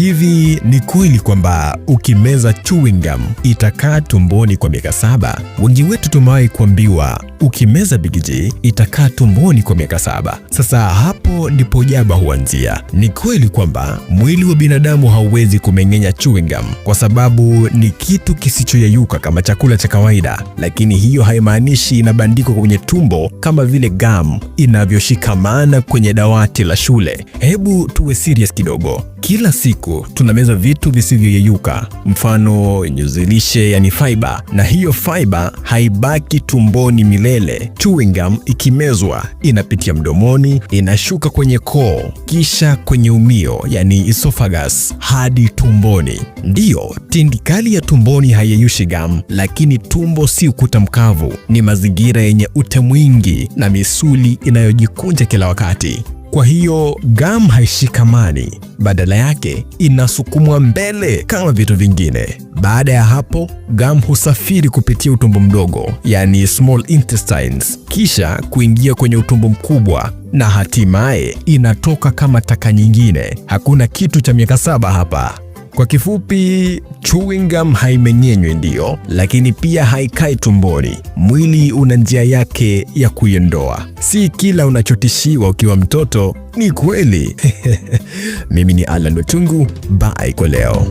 Hivi ni kweli kwamba ukimeza chewing gum itakaa tumboni kwa miaka saba? Wengi wetu tumewahi kuambiwa ukimeza Big G itakaa tumboni kwa miaka saba. Sasa hapo ndipo jaba huanzia. Ni kweli kwamba mwili wa binadamu hauwezi kumeng'enya chewing gum kwa sababu ni kitu kisichoyeyuka kama chakula cha kawaida, lakini hiyo haimaanishi inabandikwa kwenye tumbo kama vile gum inavyoshikamana kwenye dawati la shule. Hebu tuwe serious kidogo. Kila siku tunameza vitu visivyoyeyuka, mfano nyuzi lishe, yani fiber, na hiyo fiber haibaki tumboni milele. Chewing gum ikimezwa inapitia mdomoni, inashuka kwenye koo, kisha kwenye umio, yani esophagus, hadi tumboni. Ndiyo, tindikali ya tumboni haiyeyushi gum, lakini tumbo si ukuta mkavu, ni mazingira yenye ute mwingi na misuli inayojikunja kila wakati. Kwa hiyo GAM haishikamani, badala yake inasukumwa mbele kama vitu vingine. Baada ya hapo, GAM husafiri kupitia utumbo mdogo, yani small intestines, kisha kuingia kwenye utumbo mkubwa na hatimaye inatoka kama taka nyingine. Hakuna kitu cha miaka saba hapa. Kwa kifupi, chewing gum haimenyenywi ndiyo, lakini pia haikai tumboni. Mwili una njia yake ya kuiondoa. Si kila unachotishiwa ukiwa mtoto ni kweli. Mimi ni Alan Wetungu, bye kwa leo.